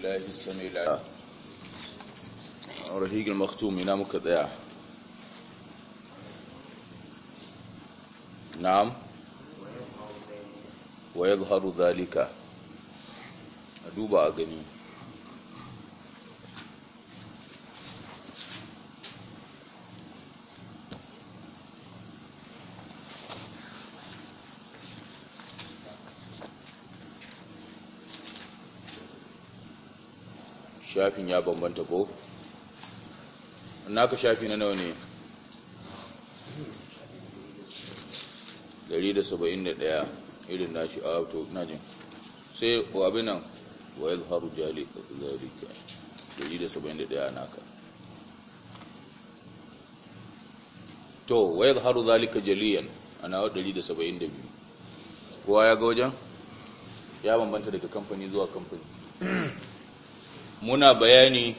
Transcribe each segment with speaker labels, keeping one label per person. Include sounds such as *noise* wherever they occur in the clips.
Speaker 1: بالله السميع العليم آه. رهيق المختوم ينامك ضياع نعم ويظهر ذلك أدوب أغني shafin ya bambanta ko naka shafi na nawa ne 171 irin nashi a to najin sai abin nan wa a zari ke 171 naka to wa yadhharu zalika jaliyan ana 172 kowa ya ga wajen ya bambanta daga kamfani zuwa kamfani muna bayani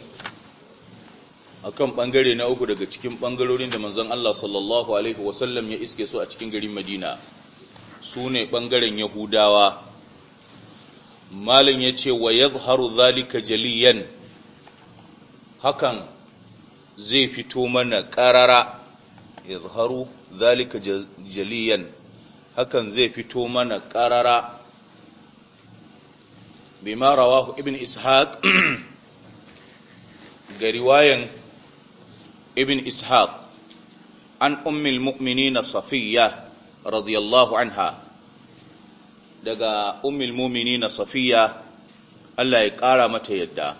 Speaker 1: akan bangare na uku daga cikin bangarorin da manzon Allah sallallahu alaihi wasallam ya iske su a cikin garin Madina su ne bangaren Yahudawa malin yace wa yadhharu zalika jaliyan hakan zai fito mana karara yadhharu zalika jaliyan hakan zai fito mana karara bima rawahu ibn ishaq *clears throat* ga riwayan ibn ishaq an ummul mu'minin safiya radiyallahu anha daga ummul mu'minin safiya Allah ya kara mata yadda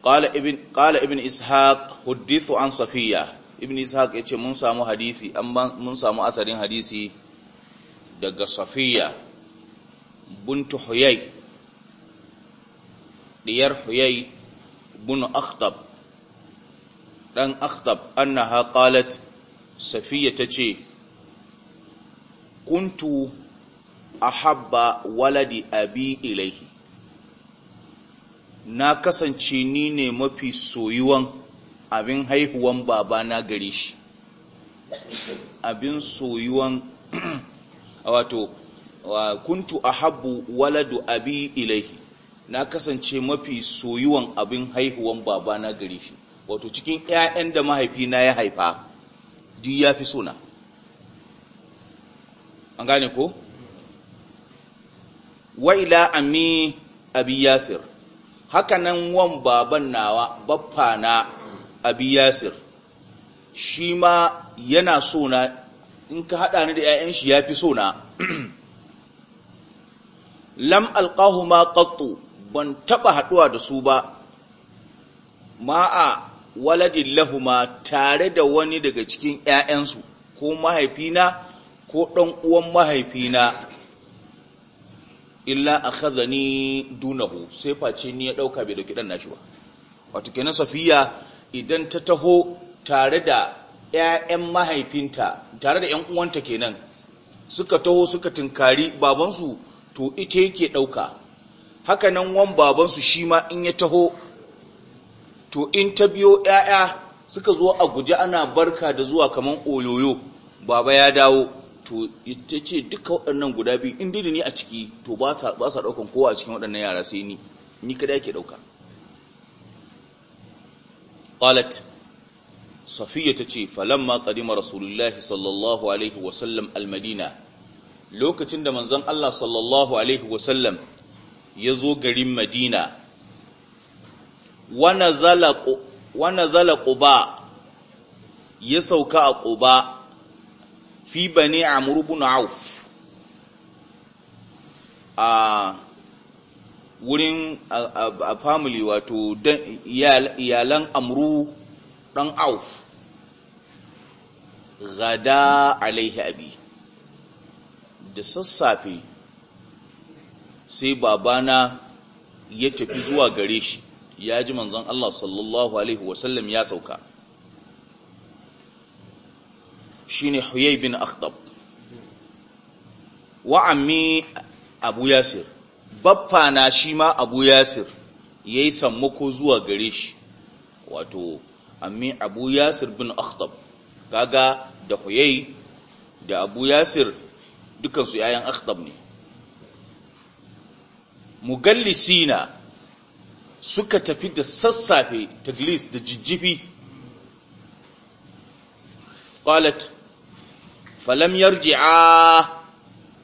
Speaker 1: qala ibn qala ibn ishaq huddithu an safiya ibn ishaq yace mun samu hadisi mun samu asarin hadisi daga safiya bintu huyay diyar huyay bin akhtab dan akhtab annaha qalat safiya tace kuntu ahabba waladi abi ilaihi na kasance ni ne mafi soyuwan abin haihuwan babana gare shi abin soyuwan *clears throat* wato kuntu ahabbu waladu abi ilaihi na kasance mafi soyuwan abin haihuwan babana gare shi wato cikin 'ya'yan da mahaifina ya haifa di ya fi na, an gane ko wa'ila ammi abi yasir hakanan wan baban nawa baffa na abi yasir shi ma yana na in ka haɗa ni da 'ya'yan shi ya fi na. *clears throat* lam alqahu ma qattu ban taɓa haɗuwa da su ba ma'a waladin lahuma tare da wani daga cikin ‘ya'yansu ko mahaifina ko ɗan uwan mahaifina illa a dunahu sai face ni ya ɗauka bai dauki ɗan nashi ba wato kenan safiya idan ta taho tare da ‘ya'yan mahaifinta tare da ‘yan uwanta kenan suka taho suka tinkari babansu to ita yake ɗauka haka nan wan babansu shi ma in ya taho to in ta biyo 'ya'ya suka zo a guje ana barka da zuwa kaman oyoyo baba ya dawo to ita ce duka waɗannan guda biyu in dai ni a ciki to ba sa ɗaukan kowa a cikin waɗannan yara sai ni ni kada yake ɗauka qalat safiya ta ce falamma qadima rasulullahi sallallahu alaihi wasallam almadina lokacin da manzon Allah sallallahu alaihi wasallam ya zo garin madina wana zala ƙuba ya sauka a ƙuba fi bane a murubun auf a wurin a family wato iyalan amru ɗan auf gada alaihi abi da sassafe sai babana ya tafi zuwa gare shi ya ji manzon Allah sallallahu alaihi wasallam ya sauka shine Huyay bin Akhtab wa ammi Abu Yasir baffa na shi ma Abu Yasir yayi sammako zuwa gare shi wato ammi Abu Yasir bin Akhtab kaga da huyai da Abu Yasir dukansu yayan Akhtab ne mugallisina suka tafi da sassafe taglis da jijjifi ƙwalat falam yarji'a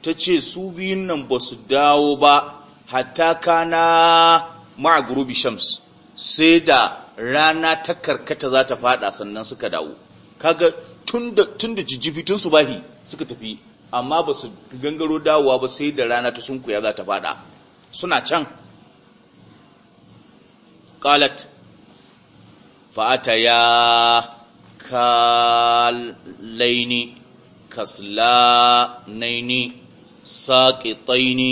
Speaker 1: ce su biyun nan ba su dawo ba hatta kana ma'a gurubi shams sai da rana ta karkata za ta fada sannan suka dawo kaga tun da jijjifi tun bahi suka tafi amma ba su gangaro dawowa ba sai da rana ta sunkuya za ta fada suna can qalat fa'ata ya kalaini kaslanaini saƙitaini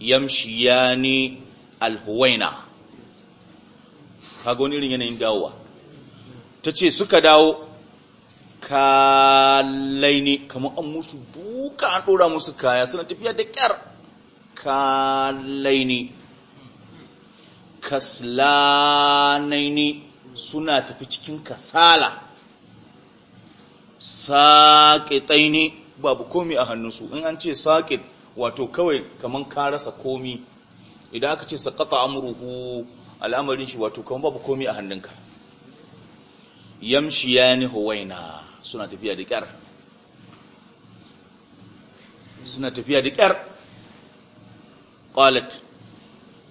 Speaker 1: yamshiyani alhuwaina kaga wani irin yanayin dawowa ta ce suka dawo kalaini kamar an musu duka an ɗora musu kaya suna tafiya da ƙyar kalaini kaslanaini suna tafi cikin kasala saƙitaini babu komi a hannunsu in an ce saƙit wato kawai kamar ka rasa komi idan aka ce saƙaƙa amurhu al'amarin shi wato kamar babu komi a hannunka yamshi ya ni huwaina suna tafiya da ƙyar suna tafiya da ƙyar qalat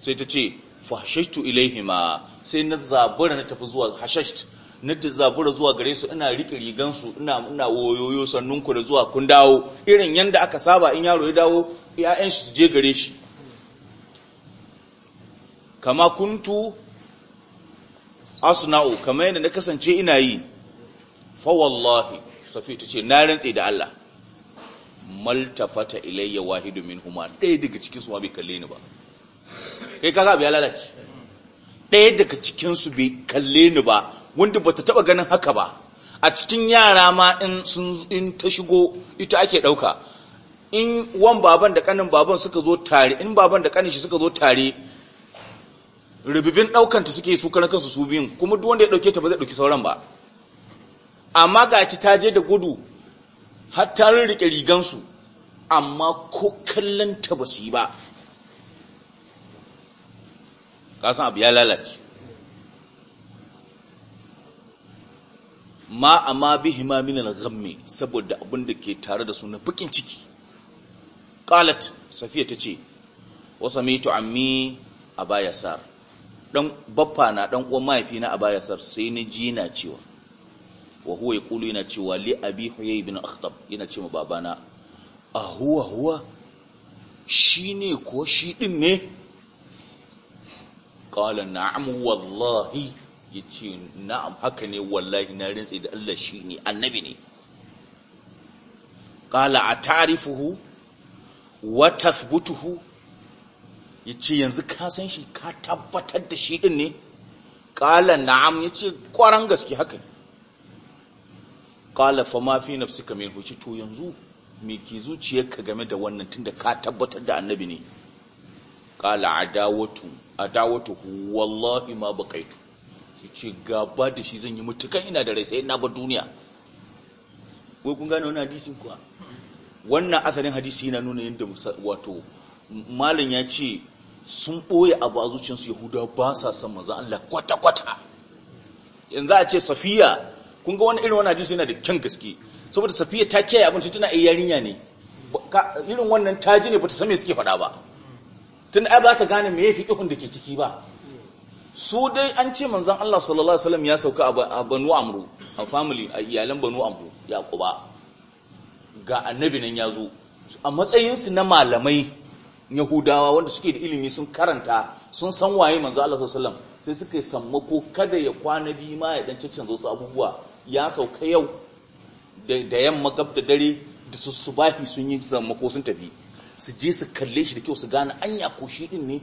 Speaker 1: sai ta ce fahashtu ilaihima sai na zabura na tafi zuwa hashash na zabura zuwa gare su ina rike rigan su ina ina woyoyo sannun ku da zuwa kun dawo irin yanda aka saba in yaro ya dawo ƴaƴan shi je gare shi kama kuntu asna'u kama yadda na kasance ina yi fa wallahi safi ta ce na rantse da Allah maltafata ilayya wahidu huma ɗaya daga cikinsu ma bai kalle ni ba kai kaga ya lalace ɗaya daga cikin bai kalle ni ba wanda bata taba ganin haka ba a cikin yara ma in sun in ta shigo ita ake dauka in wan baban da kanin baban suka zo tare in baban da kanin shi suka zo tare rububin ta suke su karan kansu su biyun kuma duk wanda ya dauke ta ba zai dauki sauran ba amma ga ta je da gudu har ta rike rigansu amma ko kallanta ba su yi ba kasan abu ya lalace ma amma bi ma min al saboda abinda ke tare da su na ciki Ƙalat safiya ta ce, tace mai samitu ammi bayasar dan baffa na dan uwan mahaifina abayasar sai na ji na cewa wa huwa yaqulu yana cewa li abi huyay bin akhtab yana ce ma babana a huwa huwa shine ko shi din ne qala na'am wallahi yace na'am haka ne wallahi na rintsi da Allah shine annabi ne qala atarifuhu wa tathbutuhu yace yanzu ka san shi ka tabbatar da shi din ne qala na'am yace kwaran gaske haka ne qala fa ma fi nafsika min hushi to yanzu me ke zuciyarka game da wannan tunda ka tabbatar da annabi ne qala adawatu adawatu wallahi ma baqaitu sai ce gaba da shi zan yi mutukan ina da rai sai na ba duniya wai kun gane wannan hadisin kuwa wannan asalin hadisi yana nuna yadda wato malin ya ce sun ɓoye abu a zuciyarsu yahuda ba sa son maza Allah kwata-kwata yanzu a ce safiya kun ga wani irin wani hadisi yana da kyan gaske saboda safiya ta kiyaye abin tana iya yarinya ne irin wannan taji ne bata san me suke faɗa ba tun ai ba ta gane me yafi kihun da ke ciki ba su dai an ce manzon Allah sallallahu ya sauka a Banu Amru a family a iyalan Banu Amru Yaquba ga annabi nan ya zo a matsayinsu na malamai Yahudawa wanda suke da ilimi sun karanta sun san waye manzo Allah sallallahu alaihi wasallam sai suka sammako kada ya kwana biyu ma ya dan cancanzo su abubuwa ya sauka yau da yamma gab da dare da su subahi sun yi zama sun tafi su je su kalle shi da kyau su gane an yako shi din ne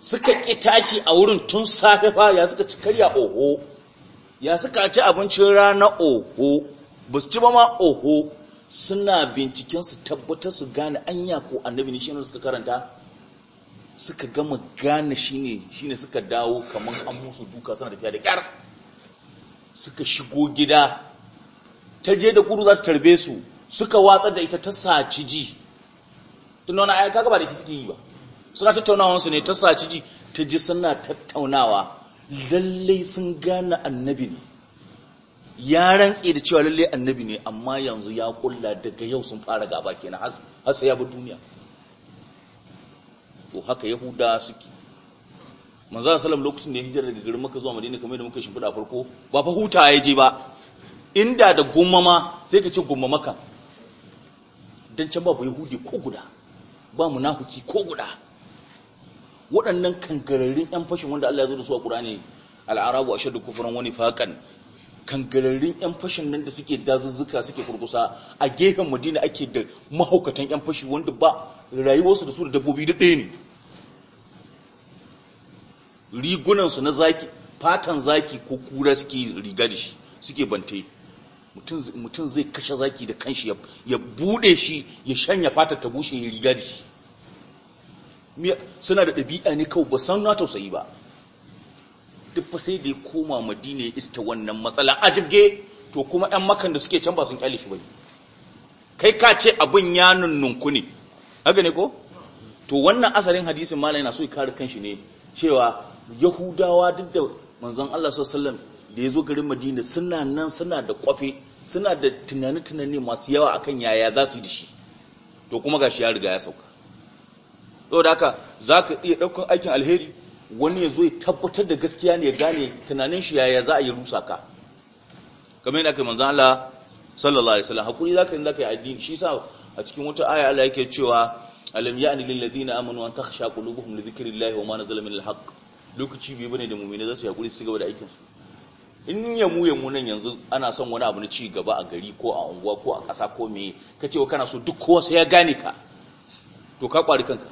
Speaker 1: suka ƙi tashi a wurin tun safe fa ya suka ci karya oho ya suka ci abincin rana oho ba su ci ba ma oho suna binciken su tabbatar su gane anya ko annabi ne ne suka karanta suka gama gane shine shine suka dawo kamar an musu duka suna tafiya da kyar suka shigo gida ta je da gudu za ta tarbe su suka watsa da ita ta saci ji tun wani ayyaka gaba da ita suke yi ba suna tattaunawansu ne ta saci ji ta ji suna tattaunawa lallai sun gane annabi ne ya rantse da cewa lallai annabi ne amma yanzu ya kulla daga yau sun fara gaba kenan har sai ya bi duniya to haka yahuda suke manzo sallam lokacin da ya hijira daga garin Makka zuwa Madina kamar da muka shimfida farko ba fa huta ya je ba inda da gummama sai ka ce gumma Makka dan can ba yahudi ko guda ba munafiki ko guda waɗannan kangararrun yan fashin wanda Allah ya zo da su a Qur'ani al-arabu ashaddu kufran wa nifaqan kangararrun 'yan fashin nan da suke dazuzzuka suke kurkusa a gefen madina ake da mahaukatan 'yan fashi wanda ba rayuwarsu da su da dabbobi da ɗaya ne rigunansu na zaki fatan zaki ko kura suke riga da shi suke bante mutum zai kashe zaki da kanshi ya bude shi ya shanya fatar ta bushe ya riga da shi suna da ɗabi'a ne kawai ba san na tausayi ba duk fa sai da ya koma madina ya iska wannan matsala a jibge! to kuma 'yan makan da suke can ba sun kyale shi ba kai ka ce abin ya nunnunku ne haka ne ko to wannan asalin hadisin malai na so ya kare kanshi ne cewa yahudawa duk da manzon Allah sallallahu da ya zo garin madina suna nan suna da kwafe suna da tunani-tunani masu yawa akan yaya za su yi da to kuma gashi ya riga ya sauka da haka za ka iya ɗaukar aikin alheri wani ya zo ya tabbatar da gaskiya ne ya gane tunanin shi yaya za a yi rusa ka kamar yadda aka yi manzan Allah sallallahu alaihi wasallam hakuri za ka yi za ka yi addini shi sa a cikin wata aya Allah yake cewa alam ya'ni lil ladina amanu an takhsha qulubuhum li dhikrillahi wa ma nazala min al-haqq lokaci biyu bane da mu'mini za su hakuri su gaba da aikin su in ya mu nan yanzu ana son wani abu na ci gaba a gari ko a unguwa ko a ƙasa ko me kace wa kana so duk kowa sai ya gane ka to ka kwari kanka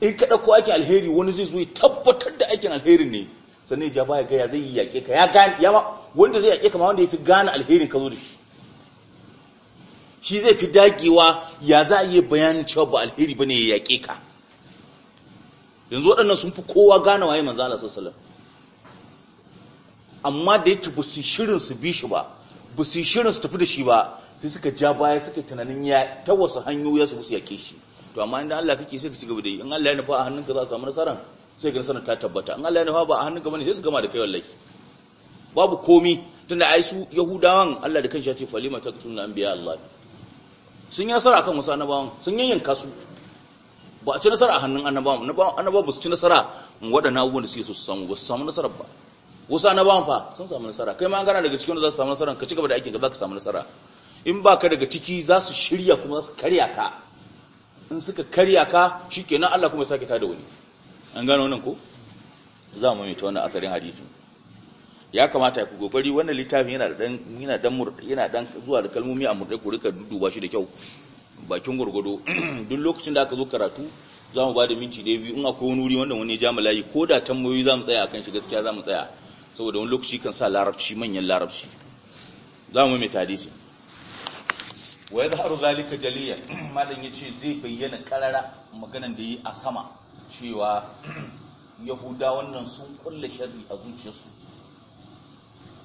Speaker 1: in ka dauko aikin alheri wani zai zo ya tabbatar da aikin alheri ne sannan ya ja baya ga ya zai yake ka ya gane ya ma wanda zai yake kama wanda ya fi gane alherin ka zo da shi shi zai fi dagewa ya za a yi bayanin cewa ba alheri bane ya yake ka yanzu waɗannan sun fi kowa gane waye manzo Allah sallallahu amma da yake ba su shirin su bi shi ba ba su shirin su tafi da shi ba sai suka ja baya suka tunanin ya ta wasu hanyoyi su su yake shi to amma idan Allah kake sai ka cigaba da yi in Allah ya nufa a hannunka za ka samu nasara, sai ka sanar ta tabbata in Allah ya nufa ba a hannunka bane sai su gama da kai wallahi babu komi tunda ai su yahudawan Allah da kanshi ya ce falima ta kutuna anbiya Allah sun yi nasara akan wasu annabawan sun yayyanka su ba a ci nasara a hannun annabawan annabawan ba su ci nasara waɗannan abubuwan da suke su samu ba su samu nasara ba wasu annabawan fa sun samu nasara kai ma an gana daga cikin wanda za su samu nasara ka ci gaba da aikin ka za ka samu nasara in ba ka daga ciki za su shirya kuma za su karya ka in suka karya ka shi kenan Allah kuma ya sake tada wani an gano wannan ko za mu mita wannan asarin hadisi ya kamata ku gobari wannan littafin yana dan yana dan yana dan zuwa da kalmomi a murɗe ku rika duduba shi da kyau bakin gurgudu *clears throat* duk lokacin da aka zo karatu za mu ba da minti da biyu in akwai wani wuri wanda wani ya ja ma layi ko da tambayoyi za mu tsaya kan shi gaskiya za mu tsaya saboda wani lokaci kan sa larabci manyan larabci za mu mai tadisi wa zaharu zalika jaliya *clears throat* malam yace zai bayyana karara maganan da yi a sama cewa *clears throat* yahuda wannan sun kulle sharri a zuciyarsu